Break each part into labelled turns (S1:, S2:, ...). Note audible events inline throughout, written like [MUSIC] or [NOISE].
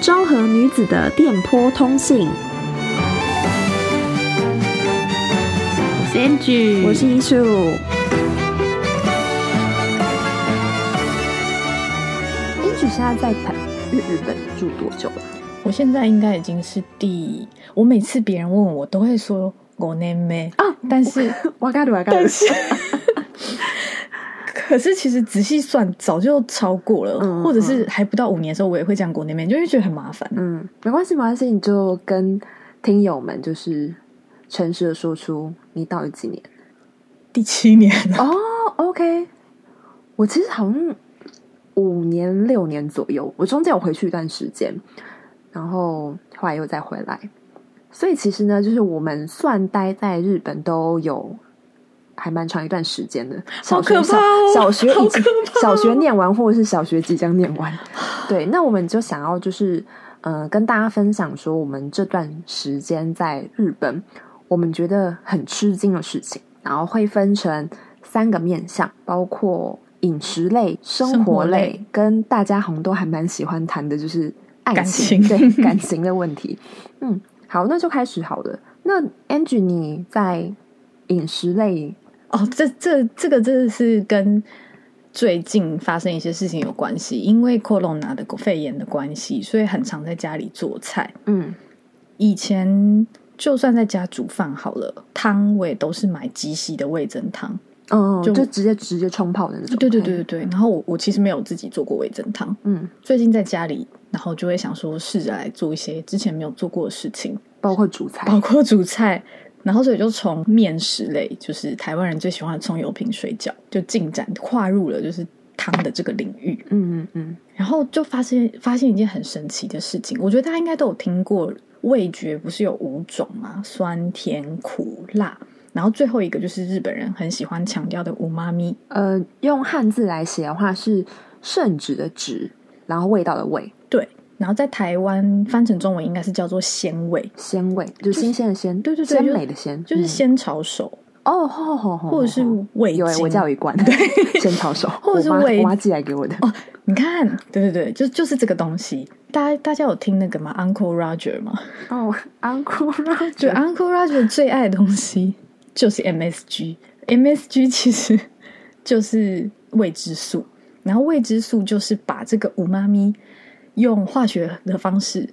S1: 昭和女子的電波通信，
S2: 英舉，我是英秀。英舉現在在日日本住多久了？我現在應該已經是第……我每次別人問我，我都會說五年目啊，但是我干的，我干的。但是 [LAUGHS] 可是其實仔細算，早就超過了，嗯、或者是還不到五年的時候，我也會這樣講那邊，嗯、就會覺得很麻煩。嗯，沒關係，沒關係，你就
S1: 跟聽友們就是
S2: 誠實的說出
S1: 你到了幾年，第七年哦。Oh, OK，我其實好像五年六年左右，我中間有回去一段時間，然後後來又再回來，所以其實呢，就是我們算待在日本都有。還蠻長一段時間的，小學小、哦、小學已經、哦、小學念完，或者是小學即將念完。 [LAUGHS] 對，那我們就想要就是，呃，跟大家分享說，我們這段時間在日本，我們覺得很吃驚的事情，然後會分成三個面向，包括飲食類、生活類，活類跟大家紅都還蠻喜歡談的，就是愛情，感情，對，感情的問題。 [LAUGHS] 嗯，好，那就開始好了。那 Angie 你在
S2: 飲食類。哦、oh,，這這這個真的是跟最近發生一些事情有關係，因為 Corona 的肺炎的關係，所以很常在家裡做菜。嗯，以前就算在家煮飯好了，湯我也都是買即席的味噌湯。
S3: 哦，就,就
S2: 直接直接沖泡的那種。對對對對對，然後我我其實沒有自己做過味噌湯。嗯，最近在家裡，然後就會想說試着來做一些之前沒有做過的事情，包括煮菜，包括煮菜。然後，所以就從麵食類，就是台灣人最喜歡的蔥油餅、水餃，就進展跨入了就是湯的這個領域。嗯
S3: 嗯
S2: 嗯。然後就發現發現一件很神奇的事情，我覺得大家應該都有聽過，味覺不是有五種嗎？酸甜苦辣，然後最後一個就是日本人很喜歡強調的五媽咪。呃，用漢字來寫的話是“聖旨”的“旨”，然後味道的“味”。然後在台灣翻成中文應該是叫做鮮味，鮮味就是、新鮮的鮮、就是，對對對，鮮美的鮮、就是，就是鮮炒手哦，嗯、或者是味精，我加了一罐，對 [LAUGHS] 熟，鮮炒手，
S1: 或者是我媽，我媽寄
S2: 來給我的哦，你看，對對對，就就是這個東西，大家大家有聽那個嗎？Uncle Roger 嗎？哦、oh,，Uncle Roger 就 [LAUGHS] Uncle Roger 最愛的東西就是 MSG，MSG 其實就是味之素，然後味之素就是把這個五媽咪。用化學的方式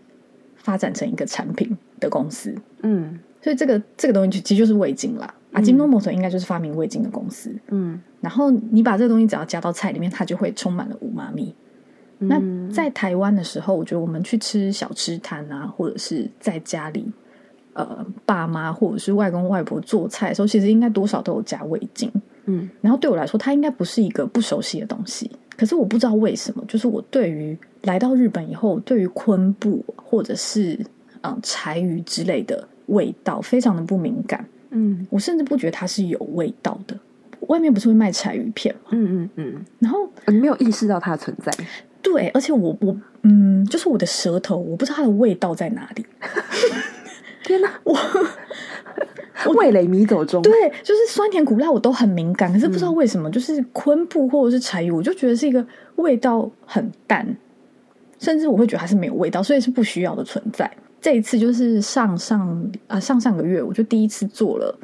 S2: 發展成一個產品的公司，嗯，所以這個這個東西其實就是味精啦。啊、嗯。阿金龍模型應該就是發明味精的公司，嗯。然後你把這個東西只要加到菜裡面，它就會充滿了五媽咪。嗯、那在台灣的時候，我覺得我們去吃小吃攤啊，或者是在家裡，呃，爸媽或者是外公外婆做菜的時候，其實應該多少都有加味精，嗯。然後對我來說，它應該不是一個不熟悉的東西。可是我不知道為什麼，就是我對於來到日本以後，對於昆布或者是嗯柴魚之類的味道，非常的不敏感。嗯，我甚至不覺得它是有味道的。外面不是會賣柴魚片嘛？嗯嗯嗯。然後你、嗯、沒有意識到它的存在。對，而且我我嗯，就是我的舌頭，我不知道它的味道在哪裡。 [LAUGHS] 天哪，我， [LAUGHS] 我味蕾迷走中，對，就是酸甜苦辣我都很敏感，可是不知道為什麼，嗯、就是昆布或者是柴魚，我就覺得是一個味道很淡，甚至我會覺得還是沒有味道，所以是不需要的存在。這一次就是上上啊上上個月，我就第一次做了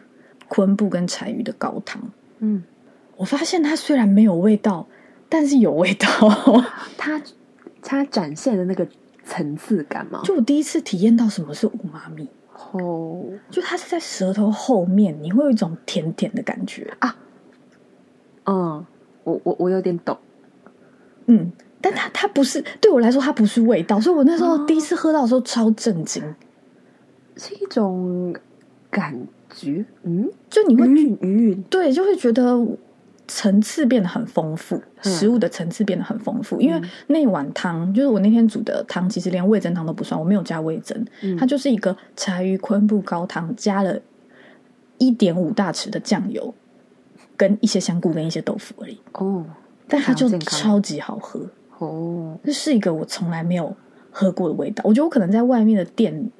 S2: 昆布跟柴魚的高湯，嗯，我發現它雖然沒有味道，但是有味道， [LAUGHS] 它它展現的那個層次感嘛，就我第一次體驗到什麼是うまみ。哦，就它是在舌頭後面，你會有一種甜甜的感覺啊！嗯，我我我有點懂，嗯，但它它不是，對我來說它不是味道，所以我那時候第一次喝到的時候超震驚，是一種感覺，嗯，就你會、嗯嗯嗯、對，就會覺得。層次變得很豐富，食物的層次變得很豐富。嗯、因為那碗湯就是我那天煮的湯，其實連味噌湯都不算，我沒有加味噌，嗯、它就是一個柴魚昆布高湯，加了一點五大匙的醬油，跟一些香菇跟一些豆腐而已。哦，但它就超級好喝哦，這是一個我從來沒有喝過的味道。我覺得我可能在外面的店。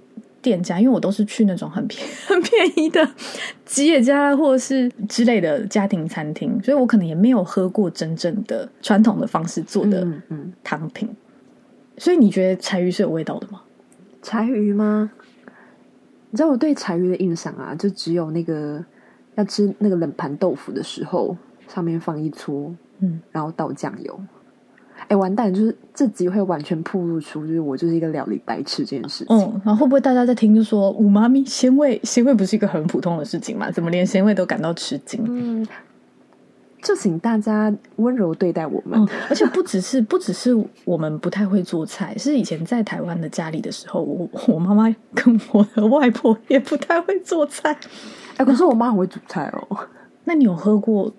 S2: 店家，因為我都是去那種很便很便宜的吉野家或者是之類的家庭餐廳，所以我可能也沒有喝過真正的傳統的方式做的湯品。嗯嗯。所以你覺得柴魚是有味道的嗎？
S1: 柴魚嗎？你知道我對柴魚的印象啊，就只有那個要吃那個冷盤豆腐的時候，上面放一撮，嗯，然後倒醬油。嗯哎、欸，完蛋！就是這集會完全暴露出，就是我就是一個料理白痴
S2: 這件事情。然後、嗯啊，會不會大家在聽就說我媽咪鮮味鮮味，味不是一個很普通的事情嘛？怎麼連鮮味都感到吃驚？嗯，就請大家溫柔對待我們。嗯，而且不只是不只是我們不太會做菜， [LAUGHS] 是以前在台灣的家裡的時候，我我媽媽跟我的外婆也不太會做菜。哎、欸，可是我媽很會煮菜哦。那你有喝過？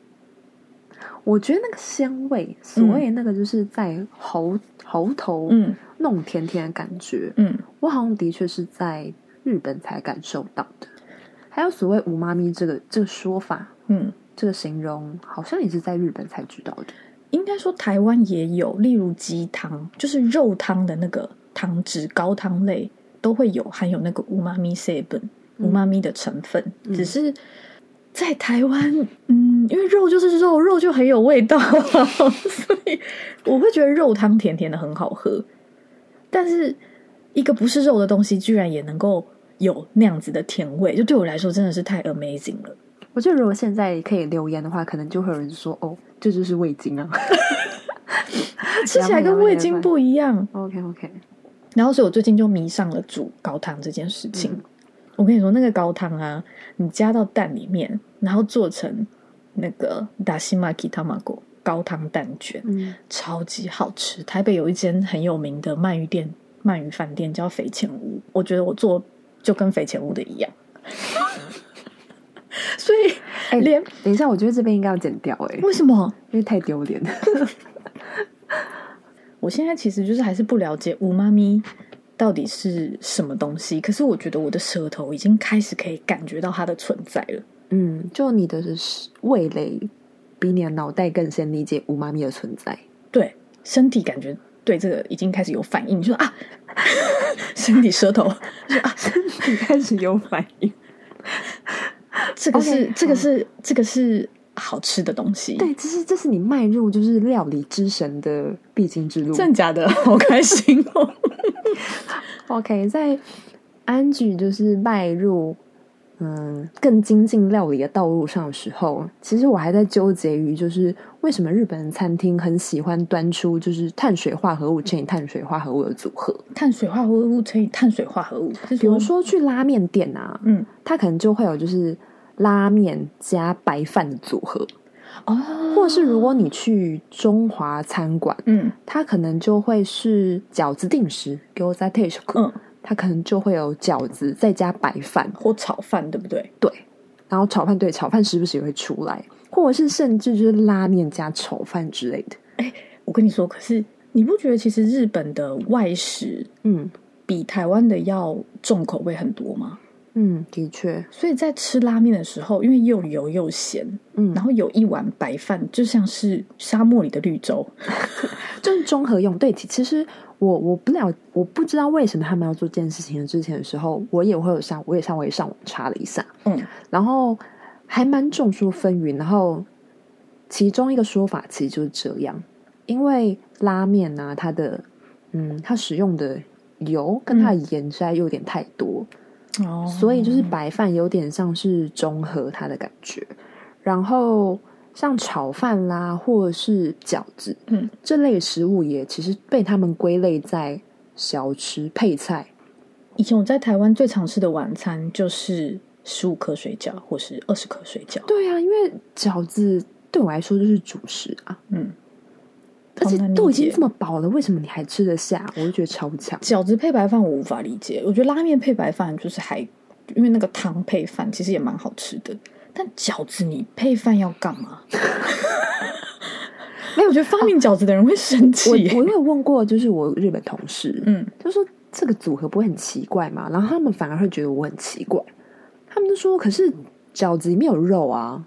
S2: 我覺得那個香味，
S1: 所謂那個就是在喉喉頭，嗯，那種甜甜的感覺，嗯，我好像的確是在日本才感受到的。還有所謂烏媽咪這
S2: 個這個說法，嗯，這個形容好像也是在日本才知道的。應該說台灣也有，例如雞湯，就是肉湯的那個湯汁高湯類都會有含有那個烏媽咪成分，烏媽咪的成分，嗯、只是在台灣，嗯。因為肉就是肉，肉就很有味道哦，所以我會覺得肉湯甜甜的很好喝。但是一個不是肉的東西居然也能夠有那樣子的甜味，就對我來說真的是太 amazing 了。我覺得如果現在可以留言的話，可能就會有人說：“哦，這就是味精啊， [LAUGHS] 吃起來跟味精不一樣。” [LAUGHS] OK OK。然後所以我最近就迷上了煮高湯這件事情。嗯。我跟你說，那個高湯啊，你加到蛋裡面，然後做成。那個達西瑪吉湯麻果高湯蛋捲、嗯、超級好吃，台北有一間很有名的鰻魚店，鰻魚飯店叫肥前屋，我覺得我做就跟肥前屋的一樣， [LAUGHS] 所以哎，欸、連等一下，我覺得這邊應該要剪掉哎、欸，為什麼？因為太丟臉了。 [LAUGHS] 我現在其實就是還是不了解烏媽咪到底是什麼東西，可是我覺得我的舌頭已經開始可以感覺到它的存在了。
S1: 嗯，就你的是味蕾，比你的腦袋更先理解うまみ的存
S2: 在，對身體感覺對這個已經開始有反應，你說啊，身體舌頭啊， [LAUGHS] 就身體開始有反應， [LAUGHS] 這個是 okay, 這個是、嗯、這個是好吃的東西，對，這是這是你邁入就是料
S1: 理之神的必經之路，真假的，好開心哦。 [LAUGHS] [LAUGHS] OK，在安吉就是邁入。嗯，更精進料理的道路上的時候，其實我還在糾結於，就是為什麼日本餐廳很喜歡端出就是碳水化合物乘以碳水化合物的組合。碳水化合物乘以碳水化合物，比如說去拉麵店啊，嗯，它可能就會有就是拉麵加白飯的組合，哦，或者是如果你去中華餐館，嗯，它可能就會是餃子定食，給我再聽一首歌。嗯它可能就會有餃子，再加白飯或炒飯，對不對？對，然後炒飯對，炒飯時不時也會出來，或者是甚至就是拉麵加炒飯之類的。哎，
S2: 我跟你說，可是你不覺得其實日本的外食，嗯，比台灣的要重口味很多嗎？嗯，的確。所以在吃拉麵的時候，因為又油又鹹，嗯，然後有一碗白飯就像是沙漠裡的綠洲， [LAUGHS] 就是中和用對其實。我我不了，我不知道為什麼他們要
S1: 做這件事情。之前的時候，我也會有上，我也上我也上網查了一下，嗯，然後還蠻眾說紛紜。然後其中一個說法其實就是這樣，因為拉面呢、啊，它的嗯，它使用的油跟它的鹽實在又有點太多，嗯、
S2: 所
S1: 以就是白飯有點像是中和它的感覺，嗯、然後。像炒飯啦、啊，或者是餃子，嗯，這類食物也其實被他們歸類在小吃配菜。
S2: 以前我在台灣最常吃的晚餐就是十五顆水餃，或是二十顆水餃。對呀、啊，因為餃子對我來說就是主食啊。
S1: 嗯，
S2: 而且都已經這麼飽了，嗯、為什麼你還吃得下？我就覺得超不強。餃子配白飯我無法理解，我覺得拉麵配白飯就是還，因為那個湯配飯其實也蠻好吃的。但餃子，你配飯要幹嘛？沒 [LAUGHS] 有、 [LAUGHS] 哎，我覺得發明餃子的人會生氣、欸啊。我我有問過，就是我日本同事，嗯，就說這個組合
S1: 不會很奇怪嗎？然後他們反而會覺得我很奇怪。嗯，他們就說：“可是餃子裡
S2: 面有肉啊！”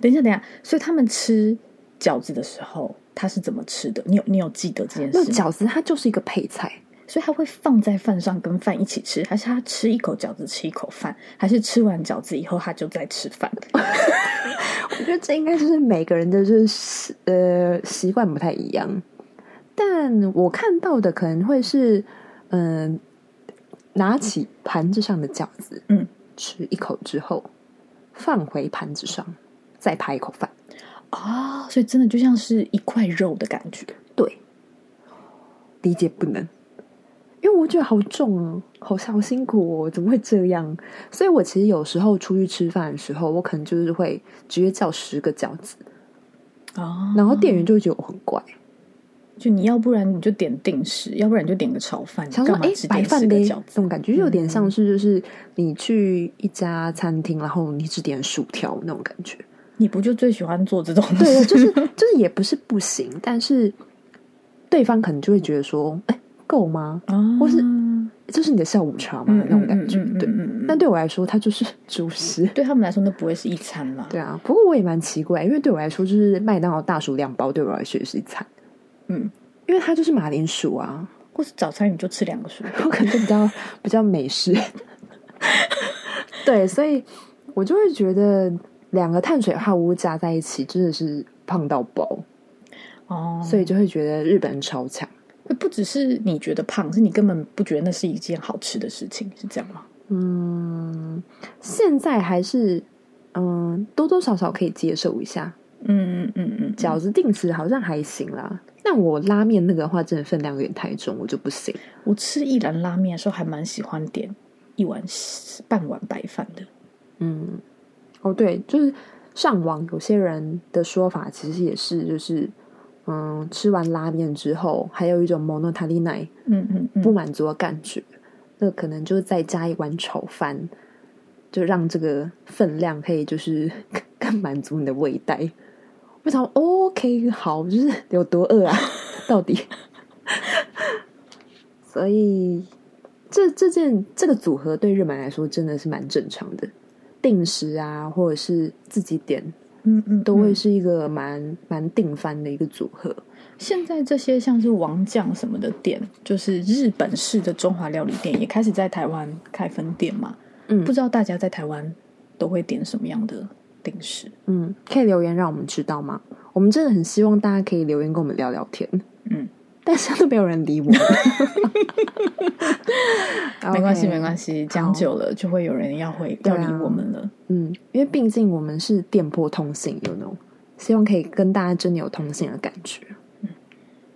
S2: 等一下，等一下，所以他們吃餃子的時候，他是怎麼吃的？你有你有記得這件事？那餃子它就是一個配菜。所以他會放在飯上跟飯一起吃，還是他吃一口餃子吃一口飯，還是吃完餃子以後他就再吃飯？ [LAUGHS] 我覺得這應該就是每個人的這、就是、呃習慣不
S1: 太一樣，但我看到的可能會是嗯、呃，拿起盤子上的餃子，嗯，吃一口之後放回盤子上，再扒一口飯啊、哦，所以真的就像是一塊肉的感覺，對，理解不能。因為我覺得好重啊、喔，好像好辛苦哦、喔，怎麼會這樣？所以，我其實有時候出去吃飯的時候，我可能就是會直接叫十個餃子
S2: 啊，然後店員就會覺得我很怪。就你要不然你就點定食，要不然就點個炒飯，幹嘛只點餃子？欸、白飯咧，
S1: 這種感覺有點像是就是你去一家餐廳，嗯嗯，然後你只點薯條那種感覺。你不就最喜歡做這種事？對，就是就是也不是不行， [LAUGHS] 但是對方可能就會覺得說，哎、欸。夠嗎？或是就是你的下午茶嘛，那種感覺，對。但對我來說，它就是主食。對他們來說，那不會是
S2: 一餐嘛。對啊。
S1: 不過我也蠻奇怪，因為對我來說，就是麥當勞大薯兩包，對我來說也是一餐。嗯，因為它就是馬鈴薯啊，或是早餐你就吃兩個薯，我可能就比較比較美式。對，所以我就會覺得兩個碳水化合物加在一起，真的是胖到爆。哦，
S2: 所以就會覺得日本人超強。不只是你覺得胖，是你根本不覺得那是一件好吃的事情，是這樣嗎？嗯，
S1: 現在還是嗯，多多少少可以接受一下。嗯嗯
S2: 嗯嗯，嗯
S1: 嗯餃子定食好像還行啦。
S2: 那、嗯、我拉面那個的話，真的分量有點太重，我就不行。我吃一蘭拉麵的時候，還蠻喜歡點一碗半碗白飯的。
S1: 嗯，哦對，就是上網有些人的說法，其實也是就是。嗯，吃完拉麵之後，還有一種物足りない，嗯，嗯嗯，不滿足的感覺。那可能就再加一碗炒飯，就讓這個分量，可以就是更滿足你的胃袋。我想，OK，好，就是有多餓啊， [LAUGHS] 到底。 [LAUGHS] 所以，這這件這個組合對日本來說真的是蠻正常的，定時啊，或者
S2: 是自己點。嗯，都會是一個蠻、嗯嗯、蠻定番的一個組合。現在這些像是王將什麼的店，就是日本式的中華料理店，也開始在台灣開分店嘛。嗯，不知道大家在台灣都會點什麼樣的
S1: 定食？嗯，可以留言讓我們知道嗎？我們真的很希望大家可以留言跟我們聊
S2: 聊天。嗯。但是都沒有人理我，沒關係，沒關係，講久了就會有人要回要理我們了。嗯，因為畢竟
S1: 我們是電波通信，you know，希望可以跟大家真的有通信的感覺。嗯，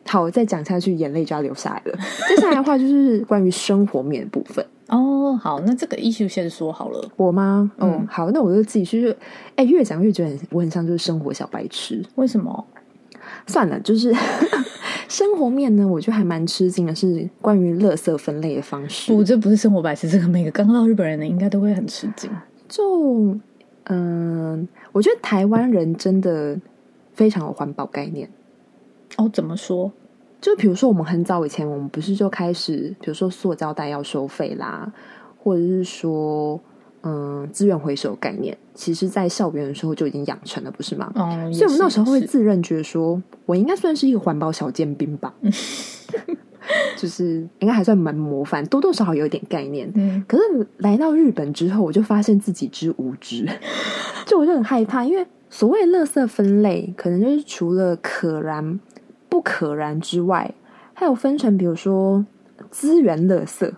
S1: 好，再講下去眼淚就要流下來了。接下來的話就是關於生活面的部分哦。好，那這個 issue 先說好了，我嗎？嗯，好，那我就自己去。哎，越講越覺得我很像就是生活小白痴，為什麼？算了，就是。生活面呢，我覺得還蠻吃驚的，是關於垃圾分類的方式。不，這
S2: 不是生活白痴，是這個每個剛到日本人呢，應該都會很吃驚。
S1: 就，嗯、呃，我覺得台灣人真的非常有環保概念。哦，怎麼說？就比如說，我們很早以前，我們不是就開始，比如說塑膠袋要收費啦，或者是說。嗯，資源回收概念，其實，在校園的時候就已經養成了，不是嗎？嗯、所以我們那時候會自認，覺得說也是也是我應該算是一個環保小尖兵吧， [LAUGHS] 就是應該還算蠻模範，多多少少有一點概念。嗯、可是來到日本之後，我就發現自己之無知， [LAUGHS] 就我就很害怕，因為所謂垃圾分類，可能就是除了可燃不可燃之外，還有分成，比如說資源垃圾。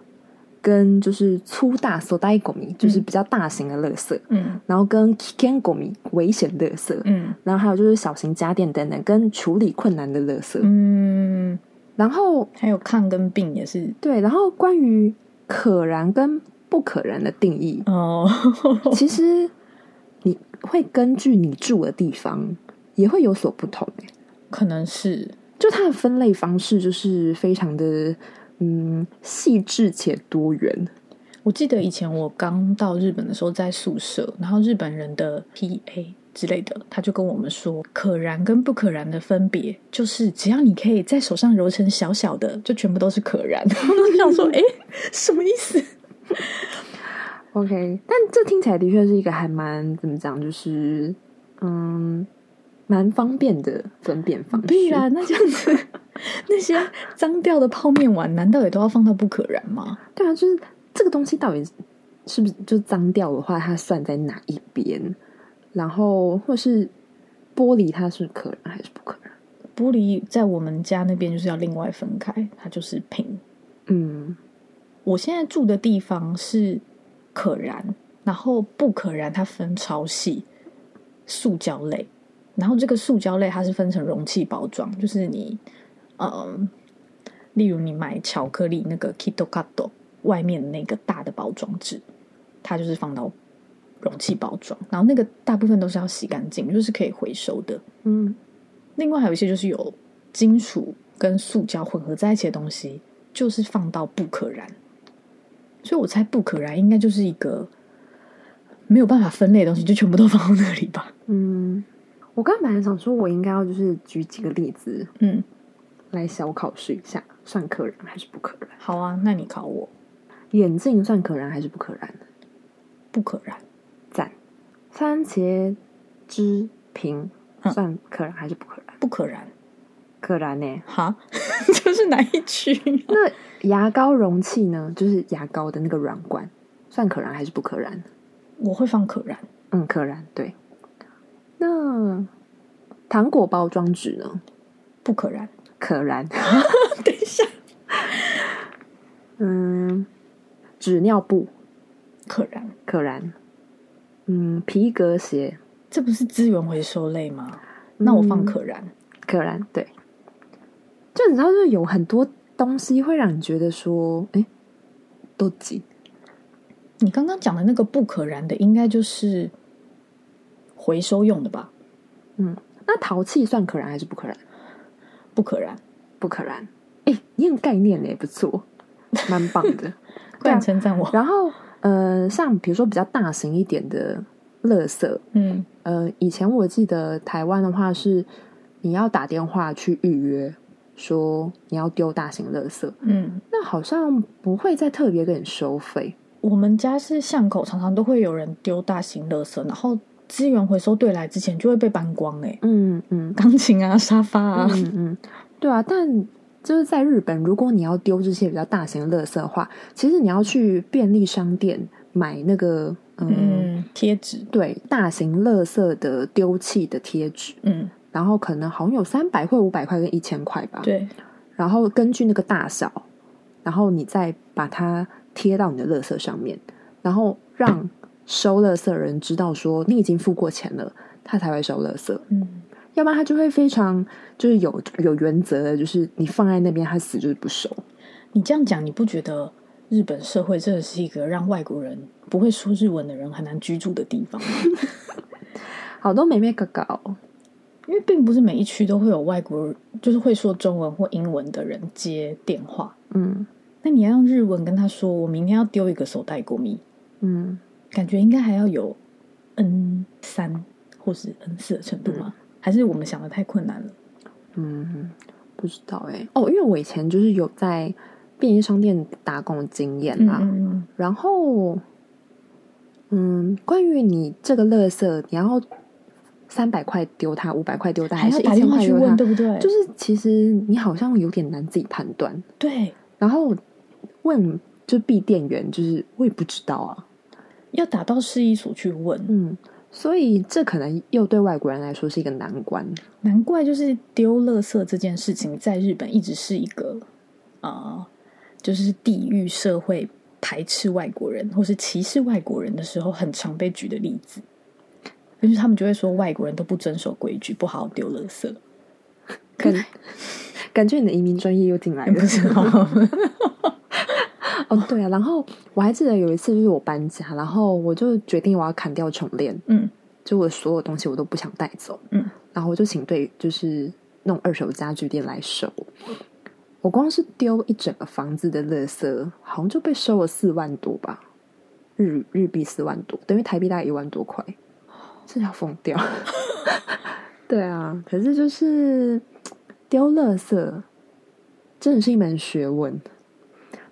S1: 跟就是粗大ゴミ，就是比較大型的垃圾，嗯，然後跟危險ゴミ，危險垃圾，嗯，然後還有就是小型家電等等，跟處理困難的垃圾，嗯，然後還有罐跟瓶也是對，然後關於可燃跟不可燃的定義哦， [LAUGHS] 其實你會根據你住的地方也會有所不同，可能是，就它的分類方式就是非常的。嗯，細緻且多元。
S2: 我記得以前我剛到日本的時候，在宿舍，然後日本人的 PA 之類的，他就跟我們說可燃跟不可燃的分別，就是只要你可以在手上揉成小小的，就全部都是可燃。 [LAUGHS] 然後就想說，哎、欸，什麼意思 [LAUGHS] ？OK，但這聽起來的確是一個還蠻怎麼講，就
S1: 是嗯，蠻方便的分辨方式。必然、啊、那這樣子。 [LAUGHS] [LAUGHS] 那些髒掉的泡麵碗，難道也都要放到不可燃嗎？對啊，就是這個東西到底是不是就髒掉的話，它算在哪一邊？
S2: 然後或是玻璃，它是可燃還是不可燃？玻璃在我們家那邊就是要另外分開，它就是瓶。嗯，我現在住的地方是可燃，然後不可燃，它分超細，塑膠類，然後這個塑膠類它是分成容器包裝，就是你。呃，um, 例如你買巧克力那個 Kitokato 外面那個大的包裝紙，它就是放到容器包裝，然後那個大部分都是要洗乾淨，就是可以回收的。嗯，另外還有一些就是有金屬跟塑膠混合在一起的東西，就是放到不可燃。所以我猜不可燃應該就是一個沒有辦法分類的東西，就全部都放到那裡吧。嗯，
S1: 我剛才本來想說，我應該要就是舉幾個例子。嗯。來小考試一下，算可燃還是不可燃？好啊，那你考我。眼鏡算可燃還是不可燃？不可燃，贊。番茄汁瓶、嗯、算可燃還是不可燃？不可燃。可燃呢、欸？哈， [LAUGHS] 這是哪一區？ [LAUGHS] 那牙膏容器呢？就是牙膏的那個軟管，算可燃還是不可燃？我會放可燃。嗯，可燃對。那糖果包裝紙呢？不可燃。可燃， [LAUGHS] 等一下，嗯，紙尿布可燃然可燃，嗯，皮革鞋。
S2: 這不是資源回收類嗎？嗯、那我放可燃
S1: 可燃。對，就你知道，就是有很多東西會讓你覺得說，誒，都
S2: 幾？你剛剛講的那個不可燃的，應該就是回收用的吧？嗯，那陶器算可燃還是不可燃？不
S1: 可燃，不可燃，哎、欸，有概念也不錯，蠻棒的，快、 [LAUGHS] 啊、稱讚我。然後，呃，像比如說比較大型一點的垃圾，嗯，呃，以前我記得台灣的話是你要打電話去預約，說你要丟大型垃圾，嗯，那好像不會再特別給你
S2: 收費。我們家是巷口常常都會有人丟大型垃圾，然後。資源回收隊來之前就會被搬光，哎、欸嗯，嗯嗯，鋼琴啊，沙發啊，嗯嗯，
S1: 對啊，但就是在日本，如果你要丟這些比較大型的垃圾的話，其實你要去便利商店買那個嗯貼紙，嗯、貼紙對，大型垃圾的丟棄的貼紙，嗯，然後可能好像有三百塊、五百塊跟一千塊吧，對，然後根據那個大小，然後你再把它貼到你的垃圾上面，然後讓。收垃圾的人知道說你已經付過錢了，他才會收垃圾。嗯，要不然他就會非常就是有有原則
S2: 的，就是你放在那邊他死就是不收。你這樣講，你不覺得日本社會真的是一個讓外國人不會說日文的人很難居住的地方？ [LAUGHS] 好多美眉哥哥、哦，因為並不是每一區都會有外國人，就是會說中文或英文的人接電話。嗯，那你要用日文跟他說，我明天要丟一個手袋過密。嗯。感覺應該還要有 N 三或是 N 四的程度嗎？嗯、還是我們想得太困難了？嗯，
S1: 不知道哎、欸。哦，因為我以前就是有在便利商店打工經驗啦。嗯嗯嗯，然後，嗯，關於你這個垃圾，你要三百塊丟他，五百塊丟他，還是一千塊去問，他對不對？就是其實你好像有點難自己判斷。對。然後問就 B 店員，就、就是我也不知道啊。要打到市役所去問，嗯，所以這可能又對外國人來說是一個難關。
S2: 難怪就是丟垃圾這件事情，在日本一直是一個啊、嗯、呃，就是地域社會排斥外國人或是歧視外國人的時候，很常被舉的例子。但是他們就會說，外國人都不遵守規矩，不好好丟垃圾。
S1: 感來，感覺你的移民專業又進來了、嗯。不 [LAUGHS] 哦，oh, 對啊，然後我還記得有一次，就是我搬家，然後我就決定我要砍掉重練，嗯，就我所有東西我都不想帶走，嗯，然後我就請對，就是弄二手家具店來收，我光是丟一整個房子的垃圾，好像就被收了四萬多吧，日日幣四萬多，等於台幣大概一萬多塊，真的要瘋掉， [LAUGHS] [LAUGHS] 對啊，可是就是丟垃圾真的是一門學問。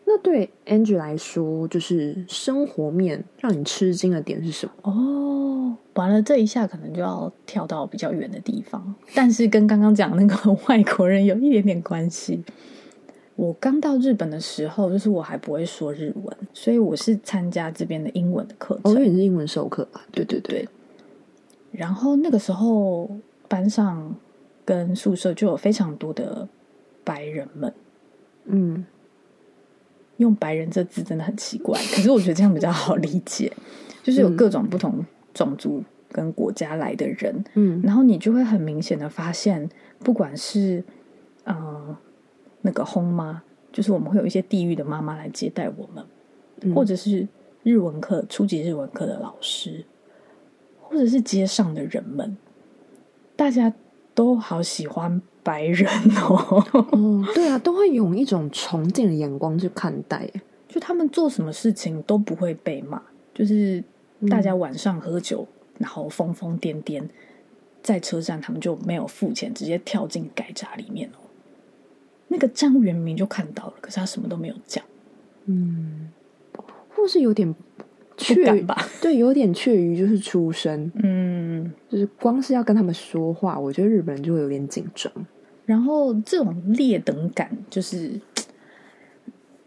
S1: 那對 Angie 來說，
S2: 就是生活面讓你吃驚的點是什麼？哦，完了，這一下可能就要跳到比較遠的地方，但是跟剛剛講那個外國人有一點點關係。我剛到日本的時候，就是我還不會說日文，所以我是參加這邊的英文的課程。哦，也是英文授課，對對對。然後那個時候，班上跟宿舍就有非常多的白人們，嗯。用“白人”這字真的很奇怪，可是我覺得這樣比較好理解， [LAUGHS] 就是有各種不同種族跟國家來的人，嗯，然後你就會很明顯的發現，不管是嗯、呃、那個 home 媽，就是我們會有一些地域的媽媽來接待我們，嗯、或者是日文課初級日文課的老師，或者是街上的人們，大家都好喜歡白人哦， [LAUGHS] 哦，對啊，都會用一種崇敬的眼光去看待，就他們做什麼事情都不會被罵，就是大家晚上喝酒，嗯、然後瘋瘋癲癲，在車站他們就沒有付錢，直接跳進改札裡面哦。那個張元明就看到了，可是他什麼都沒有講，
S1: 嗯，或是有點怯吧，對，有點怯於就是出聲，嗯。
S2: 就是光是要跟他們說話，我覺得日本人就會有點緊張。然後這種劣等感，就是，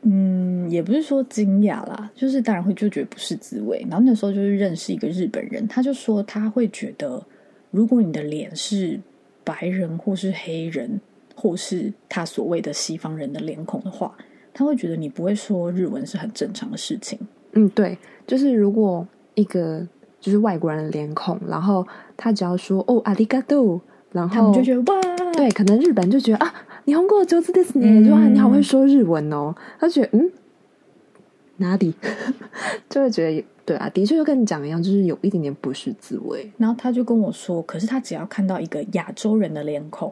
S2: 嗯，也不是說驚訝啦，就是當然會就覺得不是滋味。然後那時候就是認識一個日本人，他就說他會覺得，如果你的臉是白人或是黑人或是他所謂的西方人的臉孔的話，他會覺得你不會說日文是很正常的事情。
S1: 嗯，對，就是如果一個。就是外國人的臉孔，然後他只要說哦，阿里嘎多，然後他們就覺得哇，對，可能日本就覺得啊，你日本語上手ですね，你好會說日文哦，他覺得嗯哪裡
S2: [LAUGHS] 就會覺得對啊，的確就跟你講一樣，就是有一點點不是滋味。然後他就跟我說，可是他只要看到一個亞洲人的臉孔，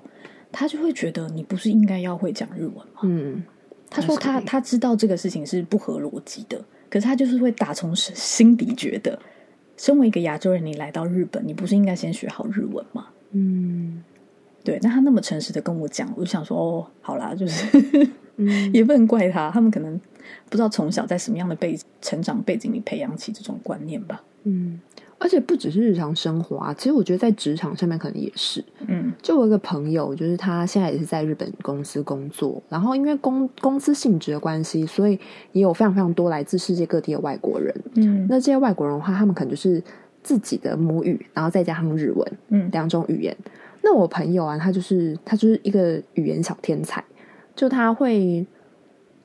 S2: 他就會覺得你不是應該要會講日文嗎？嗯，他說他他知道這個事情是不合邏輯的，可是他就是會打從心底覺得。身為一個亞洲人，你來到日本，你不是應該先學好日文嗎？嗯，對。那他那麼誠實的跟我講，我就想說，哦，好啦，就是， [LAUGHS] 嗯、也不能怪他，他們可能不知道從小在什麼樣的背成長背景裡培養起這種觀念吧。嗯。而且不只是日常生活啊，
S1: 其實我覺得在職場上面可能也是。嗯，就我有一個朋友，就是他現在也是在日本公司工作，然後因為公公司性質的關係，所以也有非常非常多來自世界各地的外國人。嗯，那這些外國人的話，他們可能就是自己的母語，然後再加上日文，嗯，兩種語言。嗯，那我朋友啊，他就是他就是一個語言小天才，就他會，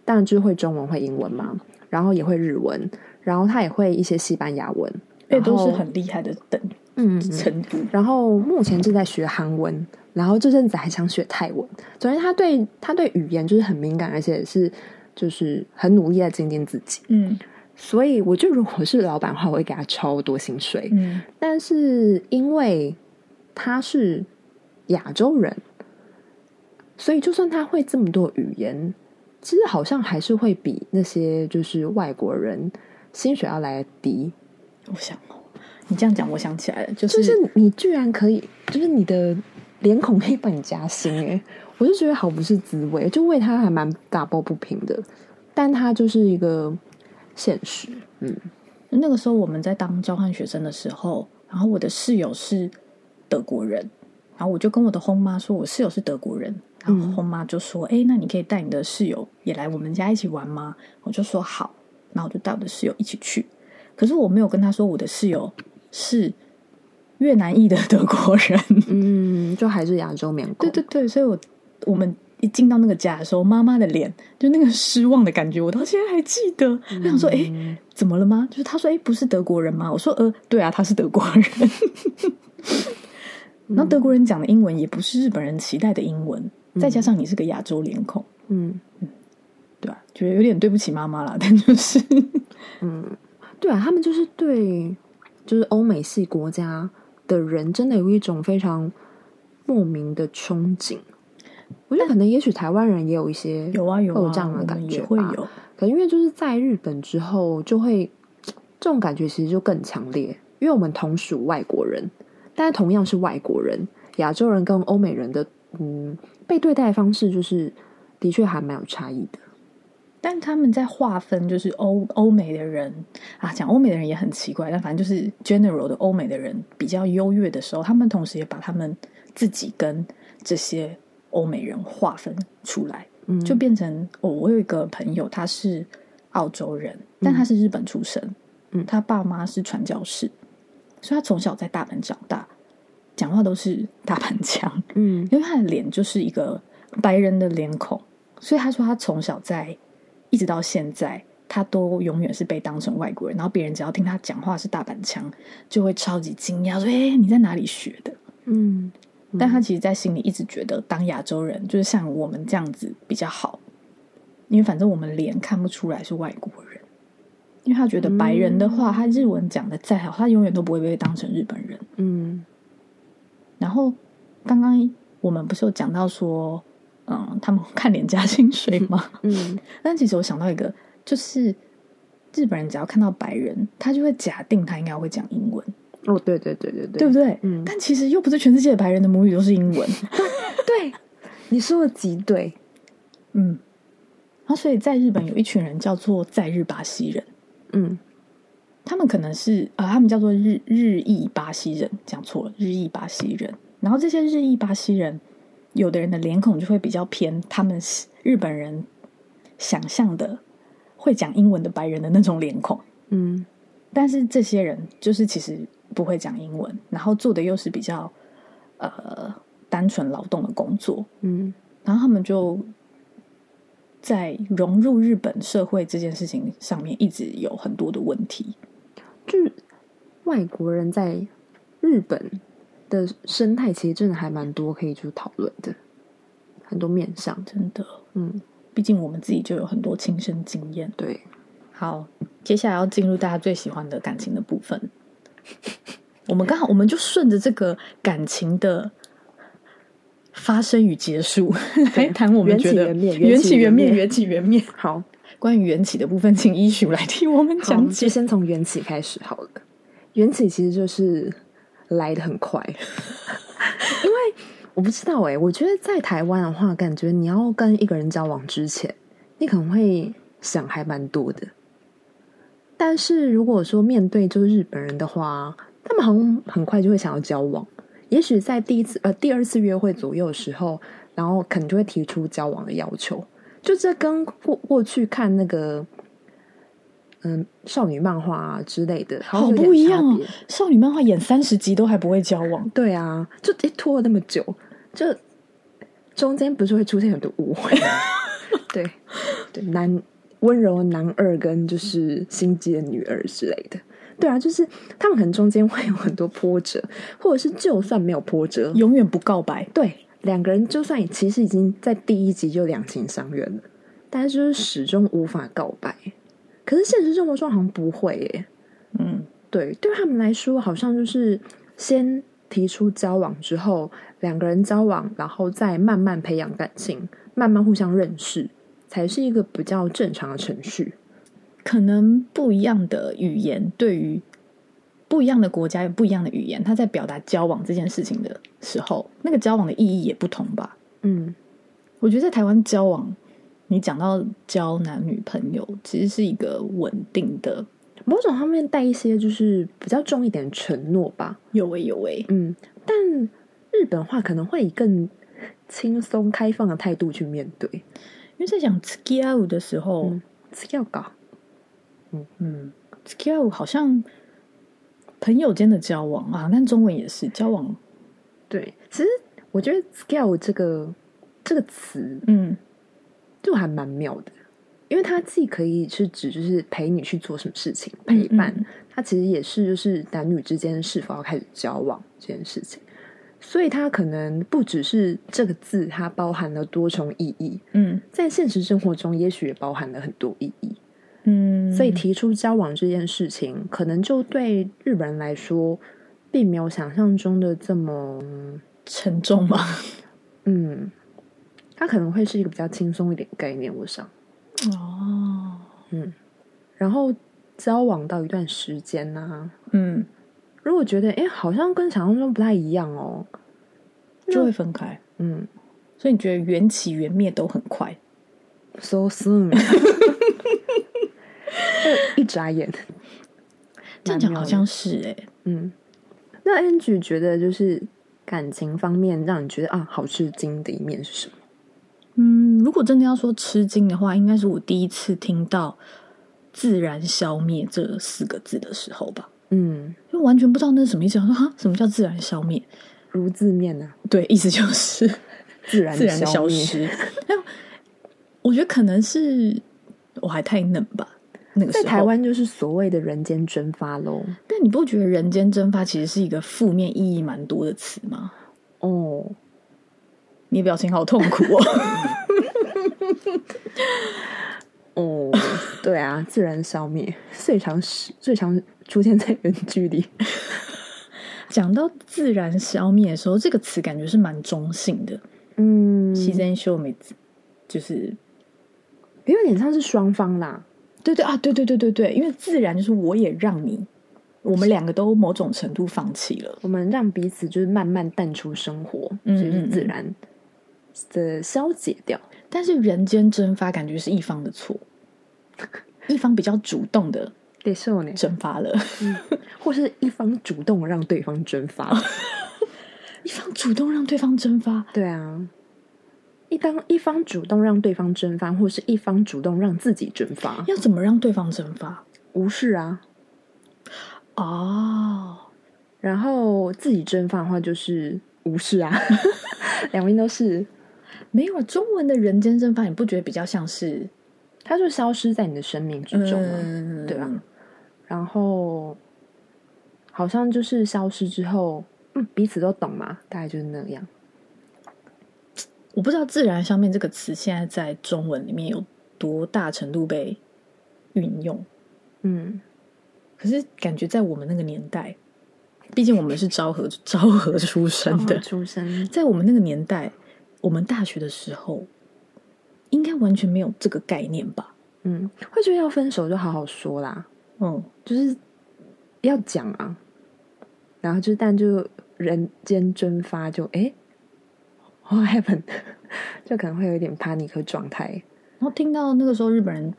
S1: 當然就是會中文、會英文嘛，然後也會日文，然後他也會一些西班牙文。也都是很厲
S2: 害的等嗯，程
S1: 度。然後目前正在學韓文，然後這陣子還想學泰文。總之，他對他對語言就是很敏感，而且也是就是很努力在精進自己。嗯，所以我就如果是老闆的話，我會給他超多薪水。嗯，但是因為他是亞洲人，所以就算他會這麼多語言，其實好像還是會比那些就是外國人薪水要來的低。我想哦，你這樣講，我想起來了，就是、就是你居然可以，就是你的臉孔可以幫你加薪耶，我就覺得好不是滋味，就為他還蠻打抱不平的，但他就是一個現實，
S2: 嗯。那個時候我們在當交換學生的時候，然後我的室友是德國人，然後我就跟我的轟媽說，我室友是德國人，然後轟媽就說，哎、嗯欸，那你可以帶你的室友也來我們家一起玩嗎？我就說好，然後我就帶我的室友一起去。可是我沒有跟他說我的室友是越南裔的德國人，嗯，就還是亞洲面孔。對對對，所以我我們一進到那個家的時候，媽媽的臉就那個失望的感覺，我到現在還記得。我，嗯，想說，哎，怎麼了嗎？就是他說，哎，不是德國人嗎？我說，呃，對啊，他是德國人。那 [LAUGHS] 德國人講的英文也不是日本人期待的英文，再加上你是個亞洲臉孔，
S1: 嗯
S3: 嗯，
S2: 對吧？覺得有點對不起媽媽了，但就是， [LAUGHS] 嗯。
S1: 對啊，他們就是對，就是歐美系國家的人，真的有一種非常莫名的憧憬。但我覺得可能也許台灣人也有一些有啊有有這樣的感覺，會有，啊有啊。可能因為就是在日本之後，就會這種感覺其實就更強烈。因為我們同屬外國人，但是同樣是外國人，亞洲人跟歐美人的
S2: 嗯
S1: 被對待方式，就是
S2: 的確還蠻有差異的。但他們在劃分，就是歐歐美的人啊，講歐美的人也很奇怪。但反正就是 general 的歐美的人比較優越的時候，他們同時也把他們自己跟這些歐美人劃分出來，嗯，就變成哦，我有一個朋友，他是澳洲人，但他是日本出生，嗯，嗯，他爸媽是傳教士，所以他從小在大阪長大，講話都是大阪腔，嗯，因為他的臉就是一個白人的臉孔，所以他說他從小在。一直到現在，他都永遠是被當成外國人。然後別人只要聽他講話是大阪腔，就會超級驚訝，說：“哎、欸，你在哪裡學的？”嗯，嗯，但他其實，在心裡一直覺得，當亞洲人就是像我們這樣子比較好，因為反正我們臉看不出來是外國人。因為他覺得白人的話，嗯、他日文講得再好，他永遠都不會被當成日本人。嗯，然後剛剛我們不是有講到說，嗯，他們看廉加薪水嗎？嗯，但其實我想到一個，就是日本人只要看到白人，他就會假定他應該會講英文。哦，對對對對對，對不對？嗯。但其實又不是全世界的白人的母語都是英文。 [LAUGHS] 對，對 [LAUGHS] 你說的極對。嗯。啊，所以在日本有一群人叫做在日巴西人。嗯。他們可能是啊，他們叫做日日裔巴西人，講錯了，日裔巴西人。然後這些日裔巴西人。有的人的臉孔就會比較偏，他們日本人想象的會講英文的白人的那種臉孔，嗯，但是這些人就是其實不會講英文，然後做的又是比較呃單純勞動的工作，嗯，然後他們就在融入日本社會這件事情上面一直有很多的問題，就是外國人在日本。
S1: 的生態其實真的還蠻多可以去討論的，很多面向真
S2: 的，嗯，畢竟我們自己就有很多親身經驗。對，好，接下來要進入大家最喜歡的感情的部分。 [LAUGHS] 我們剛好我們就順着這個感情的發生與結束對來談。我們覺得緣起緣滅，緣起緣滅，緣起緣滅。好，關於緣起的部分，請一循來替我們
S1: 講解。就先從緣起開始好了，緣起其實就是。來得很快， [LAUGHS] 因為我不知道欸，我覺得在台灣的話，感覺你要跟一個人交往之前，你可能會想還蠻多的。但是如果說面對就是日本人的話，他們很很快就會想要交往。也許在第一次呃第二次約會左右的時候，然後可能就會提出交往的要求。就這跟過過去看那個，嗯，少女漫畫啊之類的，好不一樣、哦。一少女漫畫演三十集都還不會交往，對啊，就一、欸、拖了那麼久，就中間不是會出現很多誤會？ [LAUGHS] 對對，男溫柔男二跟就是心機的女二之類的，對啊，就是他們可能中間會有很多波折，或者是就算沒有波折，永遠不告白。對，兩個人就算其實已經在第一集就兩情相悅了，但是就是始終無法告白。可是現實生活中好像不會耶、欸。嗯，對，對他們來說，好像就是先提出交往之後，兩個人交往，然後再慢慢培養感情，慢慢
S2: 互相認識，才是一個比較正常的程序。可能不一樣的語言，對於不一樣的國家、不一樣的語言，他在表達交往這件事情的時候，那個交往的意義也不同吧。
S3: 嗯，
S2: 我覺得在台灣交往。你講到交男女朋友，其實是一個穩定的，某種方面帶一些就是比較重一點的承諾吧，有哎、欸、有哎、欸，
S1: 嗯，但日本話可能會以更輕鬆開放的態度去面對，因
S2: 為在講付き合う的時候付き合う嘎，嗯嗯付き合う好像朋友間的交往啊，但中文也是交往，
S1: 對，
S2: 其實我覺得付き合う這個這個詞，嗯。
S1: 就還蠻妙的，因為它既可以是指就是陪你去做什麼事情，陪伴；它、嗯嗯、其實也是就是男女之間是否要開始交往這件事情，所以它可能不只是這個字，它包含了多重意義。嗯，在現實生活中，也許也包含了很多意義。
S3: 嗯，所以
S1: 提出交往這件事情，可能就對日本人來說，並沒有想象中的這麼沉重嗎？嗯。他可能會是一個比較輕鬆一點概念，我想。哦，嗯，然後交往到一段時間吶、啊，嗯，如果覺得哎、欸，好像跟想象中不太一
S2: 樣哦，就會分開。嗯，所以你覺得緣起緣滅都很快，so soon，一眨
S1: 眼。這樣講好像是誒、欸。嗯。那 Angie 覺得，就是感情方面讓你覺得啊，好吃驚的一面是什麼？
S2: 如果真的要說吃驚的話，應該是我第一次聽到“自然消滅”這四個字的時候吧。嗯，就完全不知道那是什麼意思。我說啊，什麼叫“自然消滅”？如字面吶、啊？對，意思就是自然自然消滅，自然消失。 [LAUGHS] 但我覺得可能是我還太嫩吧。那個時候在台灣就是所謂的人間蒸發嘍。但你不覺得“人間蒸發”其實是一個負面意義蠻多的詞嗎？哦，你表情好痛苦哦。 [LAUGHS]
S1: [LAUGHS] 哦，對啊， [LAUGHS] 自然消滅最
S2: 常、最常出現在遠距離。 [LAUGHS] 講到自然消滅的時候，這個詞感覺是蠻中性的。嗯，自然消滅就是因為臉上是雙方啦。對對啊，對對對對對，因為自然就是我也讓你，我，是我們兩個都某種程度放棄了，我們讓彼此就是慢慢淡出生活，嗯嗯嗯就是自然的消解掉。但是人間蒸發，感覺是一方的錯， [LAUGHS] 一方比較主動的蒸發了，嗯，或是一方主動讓對方蒸發，
S1: [LAUGHS] 一方主動讓對方蒸發，對啊，一當一方主動讓對方蒸發，或是一方主動讓自己蒸發，要怎麼讓對方蒸發？無視啊，哦，oh. 然後自己蒸發的話就是無視啊，兩 [LAUGHS] 邊都是。沒有啊，中文的《人間蒸發》，你不覺得比較像是，它就消失在你的生命之中了，啊，嗯，對吧？然後好像就是消失之後，嗯，彼此
S2: 都懂嘛，大概就是那樣。我不知道“自然消滅”這個詞現在在中文裡面有多大程度被運用。嗯，可是感覺在我們那個年代，畢竟我們是昭和昭和出生的，昭和出生在我們那個年代。我們大學的時候，應該完全沒有這個概念吧？嗯，會覺得要分手就好好說啦。嗯，就
S1: 是要講啊，然後就但就人間蒸發就誒、欸、What happened？ [LAUGHS] 就可能會有點 panic 狀態。然
S2: 後聽到那個時候日本人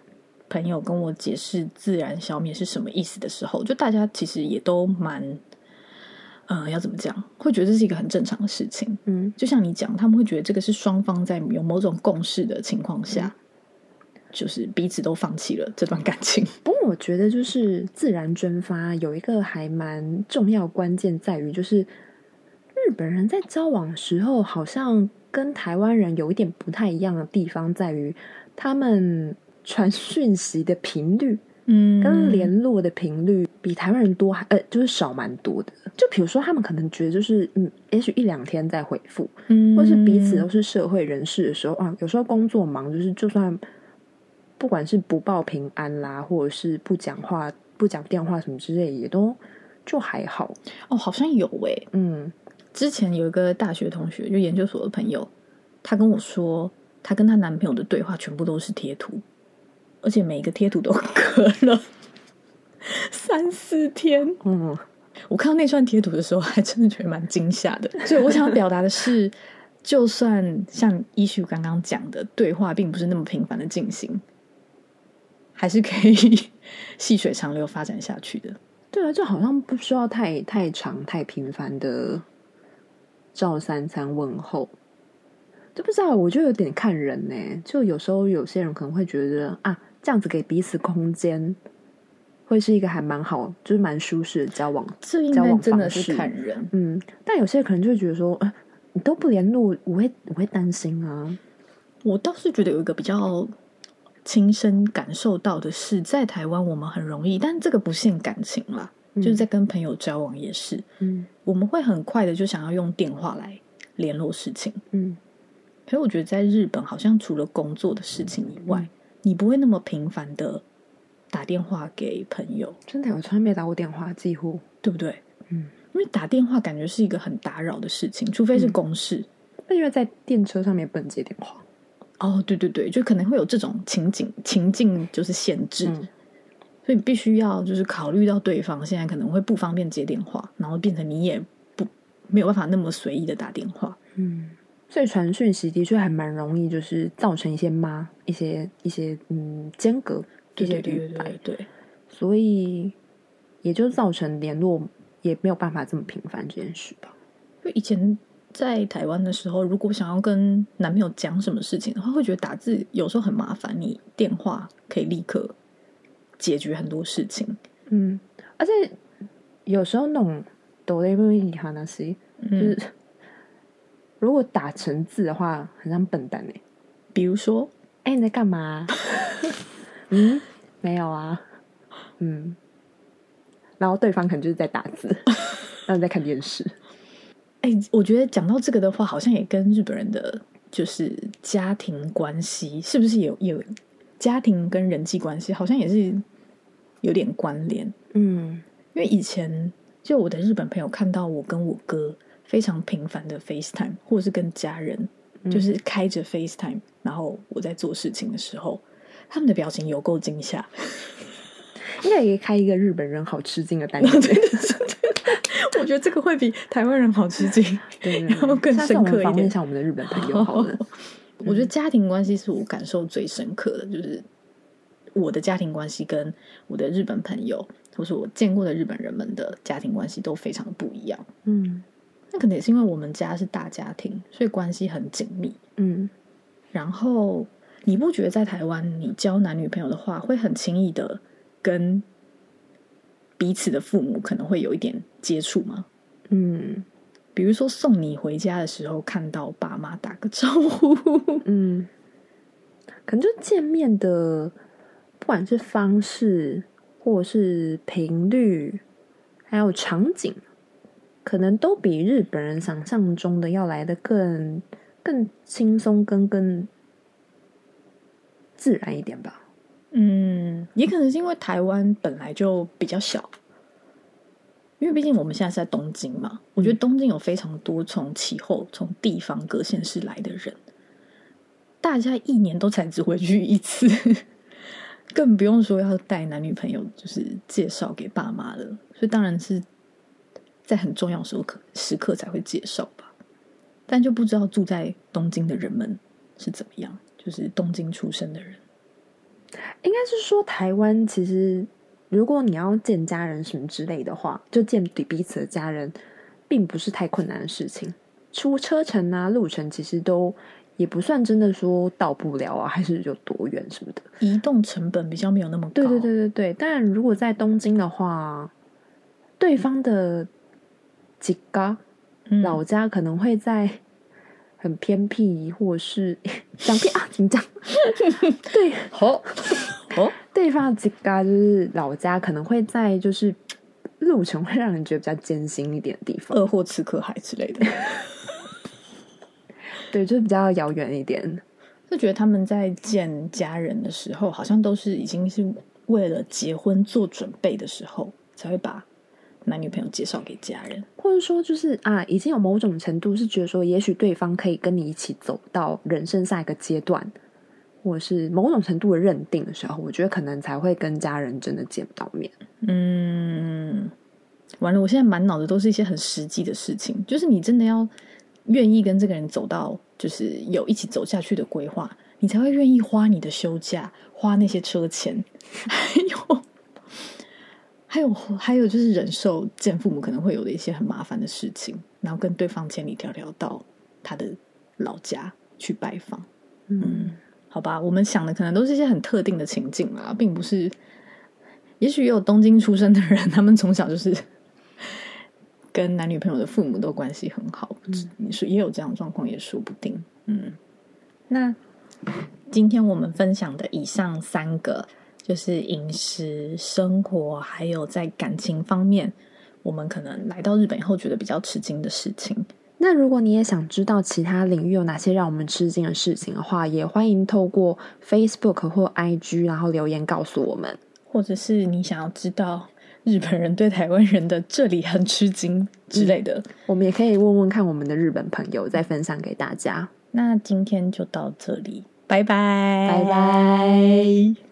S2: 朋友跟我解釋“自然消滅”是什麼意思的時候，就大家其實也都蠻。呃，要怎麼講？會覺得這是一個很正常的事情。嗯，就像你講，他們會覺得這個是雙方在有某種共識的情況下，嗯、就是彼此都放棄了這段感情。不過，我覺得就
S1: 是自然蒸發有一個還蠻重要關鍵在於，就是日本人在交往的時候好像跟台灣人有一點不太一樣的地方在於，他們傳訊息的頻率。嗯，跟聯絡的頻率比台灣人多還呃，就是少蠻多的。就比如說，他們可能覺得就是嗯，也許一兩天再回復，嗯、或是彼此都是社會人士的時候啊，有時候工作忙，就是就算不管是不報平安啦，或者是不講話、
S2: 不講電話什麼之類，也都就還好。哦，好像有誒、欸，嗯，之前有一個大學同學，就研究所的朋友，她跟我說，她跟她男朋友的對話全部都是貼圖。而且每一個貼圖都隔了三四天。嗯，我看到那串貼圖的時候，還真的覺得蠻驚嚇的。所以我想要表達的是，就算像一旭剛剛講的，對話並不是那麼頻繁的進行，還是可以細水長流發展下去的。
S1: 對啊，就好像不需要太太長、太頻繁的照三餐問候。就不知道，我就有點看人呢、欸。就有時候有些人可能會覺得啊。這樣子給彼此空間，會是一個還蠻好，就是蠻舒適的交往，這應該真的交往方式，是看人，嗯，但有些人
S2: 可能就會覺得說，啊，你都不聯絡，我會我會擔心啊。我倒是覺得有一個比較親身感受到的是，在台灣我們很容易，但這個不限感情啦，嗯，就是在跟朋友交往也是，嗯，我們會很快的就想要用電話來聯絡事情，嗯。所以我覺得在日本，好像除了工作的事情以外。嗯你不會那麼頻繁的打電話給朋友，真的，我從來沒打過電話，幾乎，對不對？嗯，因為打電話感覺是一個很打擾的事情，除非是公事。那、嗯、因為在電車上面不能接電話，哦，oh, 對,對對對，就可能會有這種情景情境就是限制，嗯、所以必須要就是考慮到對方現在可能會不方便接電話，然後變成你也不沒有辦法那麼隨意的打電話，嗯。所以傳訊息的確還蠻容易，就是造成
S1: 一些嘛，一些一些嗯，間隔這些空白，對，對，對，對，對，對，對，所以
S2: 也就造成聯絡也沒有辦法這麼頻繁這件事吧。就以前在台灣的時候，如果想要跟男朋友講什麼事情的話，他會覺得打字有時候很麻煩，你電話可以立刻解決很多事情。嗯，而且有時候弄都那麼遺憾那嗯。
S1: 如果打成字的話，很像笨蛋呢、欸。比如說，哎，欸、你在幹嘛？ [LAUGHS] 嗯，沒有啊。嗯，然
S2: 後對方可能就是在打字，然後你 [LAUGHS] 在看電視。哎、欸，我覺得講到這個的話，好像也跟日本人的就是家庭關係是不是有，有家庭跟人際關係，好像也是有點關聯。嗯，
S3: 因
S2: 為以前就我的日本朋友看到我跟我哥，非常頻繁的 FaceTime，或者是跟家人，嗯、就是開着 FaceTime，然後我在做事情的時候，他們的表情有夠驚嚇。應該也開一個日本人好吃驚的單，對，我覺得這個會比台灣人好吃驚，
S3: 對，對，更深刻一點。像我，
S2: 我們的日本朋友好，好我覺得家庭關係是我感受最深刻的，就是我的家庭關係跟我的日本朋友，或是我見過的日本人們的家庭關係都非常的不一樣。嗯。那可能也是因為我們家是大家庭，所以關係很緊密。嗯，然後你不覺得在台灣，你交男女朋友的話，會很輕易的跟彼此的父母可能會有一點接觸嗎？嗯，比如說送你回家的時候，看到爸媽打個招呼，嗯，可能就見面的，不管是方式或是
S1: 頻率，還有場景。可能都比日本人想象中的要來得更、更輕鬆、跟更
S2: 自然一點吧。嗯，也可能是因為台灣本來就比較小，因為畢竟我們現在是在東京嘛。我覺得東京有非常多從其後、從地方各縣市來的人，大家一年都才只回去一次，更不用說要帶男女朋友，就是介紹給爸媽了。所以當然是。在很重要的時候，可能時刻才會介紹吧，但就不知道住在東京的人們是怎麼樣，就是東京出生的人，應該是說台灣其實，如果你
S1: 要見家人什麼之類的話，就見彼此的家人，並不是太困難的事情，出車程啊、路程其實都也不算真的說到不了
S2: 啊，還是有多遠什麼的，移動成本比較沒有那麼貴，對對對對對，但如果在東
S1: 京的話，對方的。吉個老家可能會在很偏僻，或是講、嗯、偏啊，緊張。 [LAUGHS] 對，好哦，哦對方吉個就是老家可能會在，就是路程會讓人覺得比較艱辛一點的地方，二貨吃可海之類的。
S2: [LAUGHS] 對，就比較遙遠一點。就覺得他們在見家人的時候，好像都是已經是為了結婚做準備的時候，才會把。男女朋友介紹給家人，
S1: 或者說就是啊，已經有某種程度是覺得說，也許對方可以跟你一起走到人生下一個階段，或者是某種程度的認定的時候，我覺得可能才會跟家人真的見不到面。
S2: 嗯，完了，我現在滿腦子都是一些很實際的事情，就是你真的要願意跟這個人走到，就是有一起走下去的規劃，你才會願意花你的休假，花那些車錢。還有 [LAUGHS] 還有還有，還有就是忍受見父母可能會有的一些很麻煩的事情，然後跟對方千里迢迢到他的老家去拜訪。嗯、嗯、好吧，我們想的可能都是一些很特定的情境啦，並不是。也許有東京出生的人，他們從小就是跟男女朋友的父母都關係很好，說、嗯、也有這樣狀況也說不定。嗯，那今天我們分享的以上三個。就是飲食、生活，還有在感情方面，我們可能來到日本以後覺得比較吃驚的事情。
S1: 那如果你也想知道其他領域有哪些讓我們吃驚的事情的話，也歡迎透過 Facebook 或 IG 然後留言告訴我們。
S2: 或者是你想要知道日本人對台灣人的這裡很吃驚之類的。嗯，我們也可以問問看我們的日本朋友再分享給大家。那今天就到這裡，拜拜，
S1: 拜拜。